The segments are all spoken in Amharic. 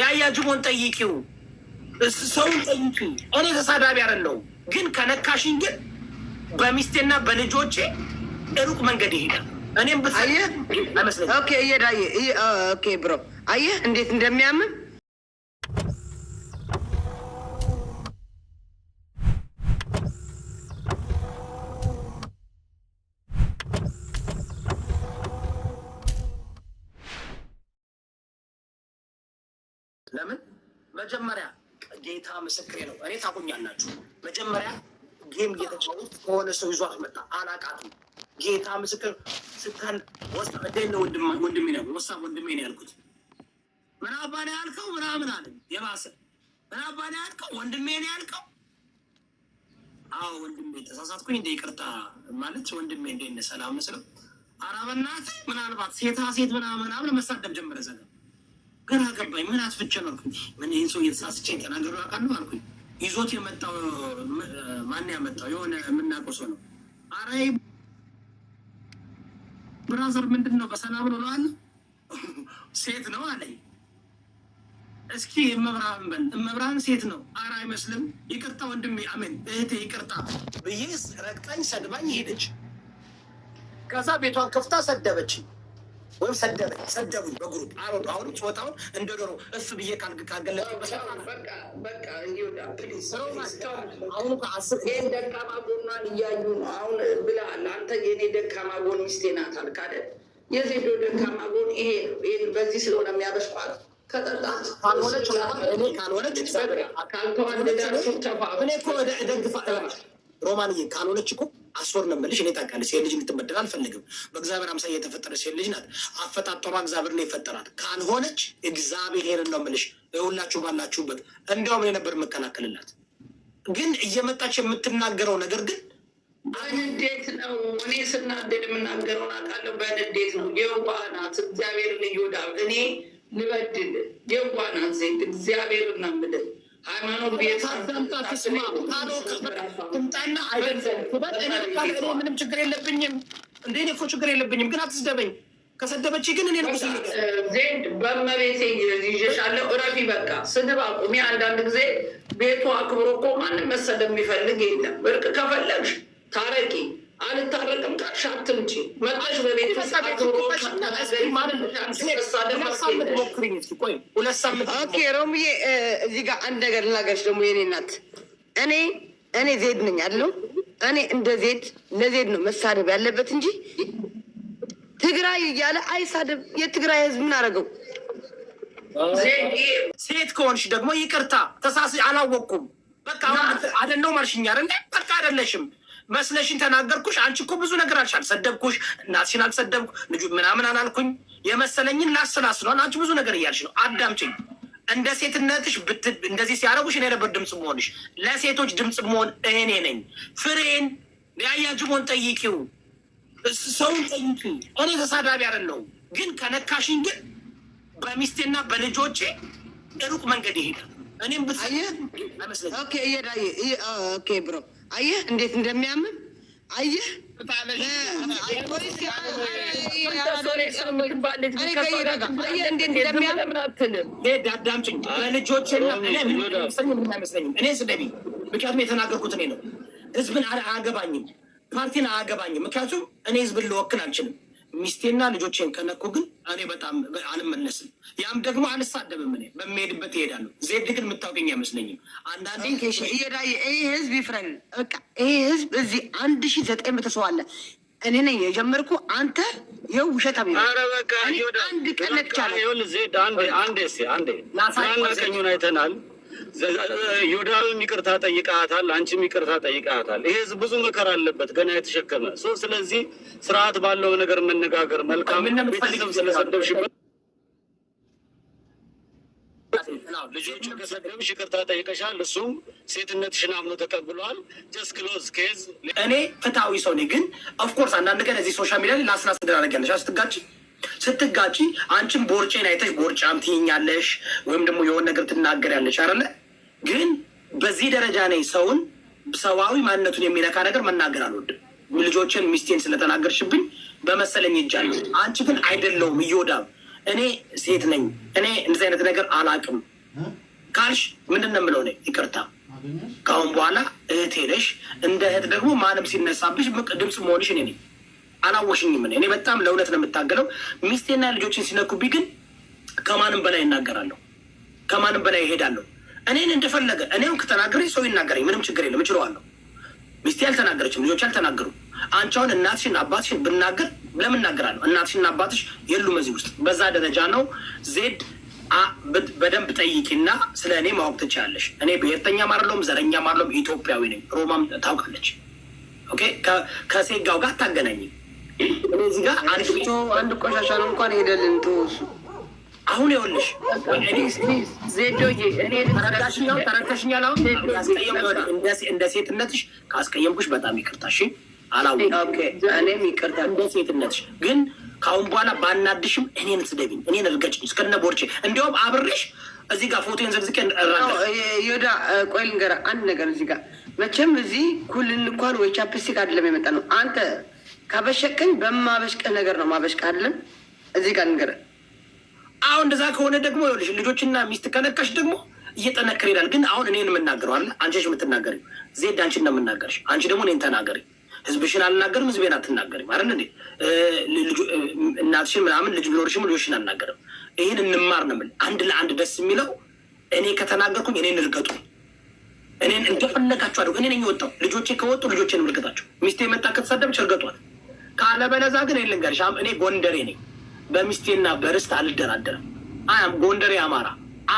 ያያ ጅቦን ጠይቂው፣ ሰውን ጠይቂ። እኔ ተሳዳቢ አይደለሁም፣ ግን ከነካሽኝ ግን በሚስቴና በልጆቼ እሩቅ መንገድ ይሄዳል። እኔም ብታይ ኦኬ፣ እየዳየ ኦኬ፣ ብሮ አየህ እንዴት እንደሚያምን ለምን መጀመሪያ ጌታ ምስክሬ ነው። እኔ ታቁኛላችሁ። መጀመሪያ ጌም እየተጫወት ከሆነ ሰው ይዟት መጣ። አላቃትም። ጌታ ምስክር ስታን ወሳ ደለ ወንድሜ ነው ወሳ ወንድሜ ነው ያልኩት። ምን አባ ነው ያልከው ምናምን አለ። የባሰ ምን አባ ነው ያልከው ወንድሜ ነው ያልከው። አዎ ወንድሜ ተሳሳትኩኝ፣ እንደ ይቅርታ ማለት ወንድሜ እንደ ሰላም መስለው አራበናት ምናልባት ሴታ ሴት ምናምን ምናምን መሳደብ ጀመረ ዘለም ግን ገባኝ። ምን አስፍቸን ነው ምን ይህን ሰው እየተሳስቼ ተናገሩ አውቃለሁ አልኩኝ። ይዞት የመጣው ማን ያመጣው የሆነ የምናውቀው ሰው ነው። አራይ ብራዘር ምንድን ነው በሰላም ነው ሴት ነው አለኝ። እስኪ እመብርሃን በል እመብርሃን ሴት ነው። አረ አይመስልም። ይቅርታ ወንድሜ፣ አሜን እህቴ ይቅርታ ብዬ ረግጣኝ ሰድባኝ ሄደች። ከዛ ቤቷን ከፍታ ሰደበችኝ። ወይም ሰደበኝ ሰደቡኝ በግሩፕ አሮዱ አሁን ጾታውን እንደ ዶሮ እሱ ብዬ ካልገለጠ ይህን ደካማ ጎኗን እያዩ ነው። አሁን ብለሃል አንተ የኔ ደካማ ጎን ሚስቴ ናት አልክ የዜዶ ደካማ ጎን ይሄ ነው። ይህን በዚህ ስለሆነ የሚያበሽቋት ካልሆነች ካልሆነች ሮማንዬ ካልሆነች እኮ አስወር መመልሽ እኔ ታውቃለች። ሴት ልጅ እንድትበደል አልፈልግም። በእግዚአብሔር አምሳያ የተፈጠረች ሴት ልጅ ናት። አፈጣጠሯ እግዚአብሔር ነው የፈጠራት። ካልሆነች እግዚአብሔርን ነው የምልሽ። ሁላችሁ ባላችሁበት እንዲያውም እኔ ነበር የምከላከልላት። ግን እየመጣች የምትናገረው ነገር ግን በንዴት ነው። እኔ ስናደድ የምናገረውን አውቃለሁ። በንዴት ነው። የዋ ናት። እግዚአብሔርን እየወዳ እኔ ልበድል የዋ ናት ሴት እግዚአብሔርን ነው የምልህ ሃይማኖት ቤት አዳምጣ፣ ትስማ። ካሎ ትምጣና አይደለም ክበር። እኔ እኔ ምንም ችግር የለብኝም። እንዴ እኔ እኮ ችግር የለብኝም፣ ግን አትስደበኝ። ከሰደበች ግን እኔ ንጉስ ዜድ በመቤቴ ይዤሻለሁ። እረፊ በቃ ስድብ አቁሚ። አንዳንድ ጊዜ ቤቱ አክብሮ እኮ ማንም መሰደብ የሚፈልግ የለም። እርቅ ከፈለግሽ ታረቂ አልታረቅም ካልሽ አትምጪ መጣሽ በቤት ሮምዬ እዚህ ጋር አንድ ነገር ልናገርሽ ደግሞ የኔ እኔ እኔ ዜድ ነኝ አለው እኔ እንደ ዜድ ለዜድ ነው መሳደብ ያለበት እንጂ ትግራይ እያለ አይሳደብ የትግራይ ህዝብ ምን አደረገው ሴት ከሆንሽ ደግሞ ይቅርታ ተሳስ አላወቅኩም በቃ እንደ በቃ አደለሽም መስለሽን ተናገርኩሽ። አንቺ እኮ ብዙ ነገር አልሽ። አልሰደብኩሽ፣ እናሲን አልሰደብኩ፣ ልጁ ምናምን አላልኩኝ። የመሰለኝን ላስላስ አንቺ ብዙ ነገር እያልሽ ነው። አዳምጪኝ። እንደ ሴትነትሽ እንደዚህ ሲያረጉሽ እኔ ነበር ድምፅ መሆንሽ። ለሴቶች ድምፅ መሆን እኔ ነኝ። ፍሬን ያያጅቦን ጠይቂው፣ ሰውን ጠይቂ። እኔ ተሳዳቢ አይደለሁም፣ ግን ከነካሽኝ ግን በሚስቴና በልጆቼ ሩቅ መንገድ ይሄዳል። እኔም ብትይ ኦኬ ብሮ አየህ እንዴት እንደሚያምን አየህ። ምክንያቱም የተናገርኩት እኔ ነው። ህዝብን አያገባኝም፣ ፓርቲን አያገባኝም። ምክንያቱም እኔ ህዝብን ልወክል አልችልም። ሚስቴና ልጆቼን ከነኩ ግን እኔ በጣም አልመለስም። ያም ደግሞ አልሳደብም። እኔ በሚሄድበት ይሄዳሉ። ዜድ ግን የምታውቀኝ አይመስለኝም። አንዳንዴ ይሄ ህዝብ ይፍረን። በቃ ይሄ ህዝብ እዚህ አንድ ሺ ዘጠኝ መቶ ሰው አለ። እኔ ነኝ የጀመርኩ። አንተ ይኸው ውሸት አብ አንድ ቀለቻለ ዜድ አንዴ አንዴ ናቀኙን አይተናል ዮዳብም ይቅርታ ጠይቃታል፣ አንቺም ይቅርታ ጠይቃታል። ይሄ ብዙ መከራ አለበት ገና የተሸከመ ሶ ስለዚህ ስርዓት ባለው ነገር መነጋገር መልካም። ቤተሰብ ስለሰደብሽበት ልጆቹ ከሰደብሽ ይቅርታ ጠይቀሻል። እሱም ሴትነትሽን አምኖ ተቀብሏል። ጀስት ክሎዝ ኬዝ። እኔ ፍትሐዊ ሰው ነኝ፣ ግን ኦፍኮርስ አንዳንድ ቀን እዚህ ሶሻል ሚዲያ ላይ ላስላስ ደራረግ ያለሽ አስትጋጭ ስትጋጭ አንቺም ቦርጬን አይተሽ ቦርጫም ትይኛለሽ ወይም ደግሞ የሆን ነገር ትናገሪያለሽ አይደለ? ግን በዚህ ደረጃ ነኝ ሰውን ሰብአዊ ማንነቱን የሚነካ ነገር መናገር አልወድም። ልጆችን ሚስቴን ስለተናገርሽብኝ በመሰለኝ ይጃለሁ። አንቺ ግን አይደለውም እዮዳብ፣ እኔ ሴት ነኝ፣ እኔ እንደዚህ አይነት ነገር አላቅም? ካልሽ ምንድን ነው የምለው? ይቅርታ ከአሁን በኋላ እህቴ ነሽ። እንደ እህት ደግሞ ማንም ሲነሳብሽ ድምፅ መሆንሽ እኔ ነኝ። አላወሽኝም። እኔ በጣም ለእውነት ነው የምታገለው። ሚስቴና ልጆችን ሲነኩብኝ ግን ከማንም በላይ እናገራለሁ፣ ከማንም በላይ ይሄዳለሁ። እኔን እንደፈለገ እኔውን ከተናገረኝ ሰው ይናገረኝ፣ ምንም ችግር የለም፣ እችለዋለሁ። ሚስቴ አልተናገረችም፣ ልጆች አልተናገሩም። አንቻውን እናትሽን አባትሽን ብናገር ለምን እናገራለሁ? አባትሽ የሉም እዚህ ውስጥ። በዛ ደረጃ ነው ዜድ በደንብ ጠይቂና ስለ እኔ ማወቅ ትችላለሽ። እኔ ብሔርተኛም ማርለውም ዘረኛ ማርለውም ኢትዮጵያዊ ነኝ። ሮማም ታውቃለች። ኦኬ ከሴጋው ጋር አታገናኝም። እዚህ ጋር አንሽቶ አንድ ቆሻሻን እንኳን ሄደልን ተወሱ። አሁን ይኸውልሽ እንደ ሴትነትሽ ካስቀየምኩሽ በጣም ይቅርታሽ አላውቅም። ይቅርታ እንደ ሴትነትሽ ግን ከአሁን በኋላ ባናድሽም እኔን ስደቢኝ፣ እኔን እርገጭኝ እስከነ ቦርቼ እንዲያውም አብሬሽ እዚህ ጋር ፎቶን ዘግዝቄ ዮዳ ቆይ ልንገርህ አንድ ነገር እዚህ ጋር መቼም እዚህ ኩልን እንኳን ወይ ቻፕስቲክ አይደለም የመጣ ነው አንተ ካበሸቀኝ በማበሽቀ ነገር ነው ማበሽቀሃለን። እዚህ ጋር ንገረ አሁን እንደዛ ከሆነ ደግሞ ልሽ ልጆችና ሚስት ከነካሽ ደግሞ እየጠነከር ይላል። ግን አሁን እኔን የምናገረው አለ አንቺሽ የምትናገሪ ዜድ አንቺ ነው የምናገርሽ። አንቺ ደግሞ እኔን ተናገሪ። ህዝብሽን አልናገርም፣ ህዝቤን አትናገሪም አይደል እናትሽን ምናምን ልጅ ቢኖርሽም ልጆችን አልናገርም። ይህን እንማር ነው የምልህ። አንድ ለአንድ ደስ የሚለው እኔ ከተናገርኩኝ እኔን እርገጡ፣ እኔን እንደፈለጋችሁ አድርጉ። እኔ ነኝ የወጣው። ልጆቼ ከወጡ ልጆቼን እርገጣቸው። ሚስቴ መጣ ከተሳደበች እርገጧት። ካለበለዛ ግን የልንገርሽ እኔ ጎንደሬ ነኝ። በሚስቴና በርስት አልደራደርም። አያም ጎንደሬ አማራ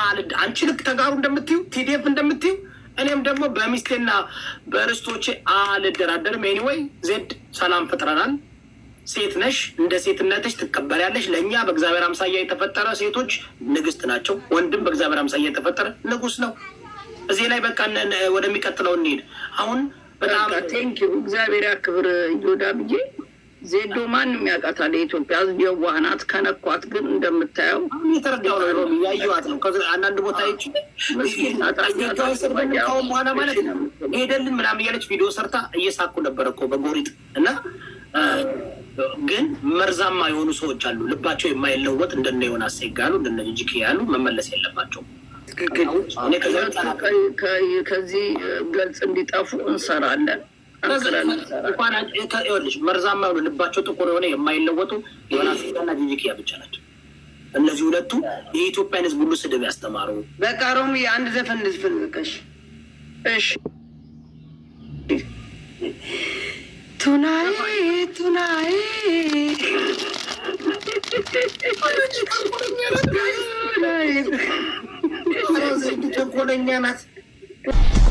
አልድ አንቺ ልክ ተጋሩ እንደምትዩ ቲዴፍ እንደምትዩ እኔም ደግሞ በሚስቴና በርስቶቼ አልደራደርም። ኤኒዌይ ዜድ ሰላም ፈጥረናል። ሴት ነሽ፣ እንደ ሴትነትሽ ትቀበያለሽ። ለእኛ በእግዚአብሔር አምሳያ የተፈጠረ ሴቶች ንግስት ናቸው። ወንድም በእግዚአብሔር አምሳያ የተፈጠረ ንጉስ ነው። እዚህ ላይ በቃ ወደሚቀጥለው እንሄድ። አሁን በጣም ቴንኪው እግዚአብሔር ያክብር ዮዳ ብዬ ዜዶ ማንም ያውቃታል። የኢትዮጵያ ሕዝብ የዋህ ናት። ከነኳት ግን እንደምታየው የተረዳው ነው። ሮሚ ያየዋት ነው። ከዚ አንዳንድ ቦታ ይች ይችሁን በኋላ ማለት ሄደልን ምናምን እያለች ቪዲዮ ሰርታ እየሳኩ ነበረ እኮ በጎሪጥ እና ግን መርዛማ የሆኑ ሰዎች አሉ። ልባቸው የማይለወጥ እንደነ ዮናስ ሴጋ እንደነ ጅክ ያሉ መመለስ የለባቸው ትክክል። ከዚህ ገልጽ እንዲጠፉ እንሰራለን። ይኸውልሽ መርዛማ ሆኑ ልባቸው ጥቁር የሆነ የማይለወጡ ዮናስ እና ጂጂኪያ ብቻ ናቸው። እነዚህ ሁለቱ የኢትዮጵያን ሕዝብ ሁሉ ስድብ ያስተማሩ። በቃ ሮሚ አንድ ዘፈን ልዝፍን። በቃሽ እሺ። ቱናዬ ቱናዬ ተንኮለኛ ናት።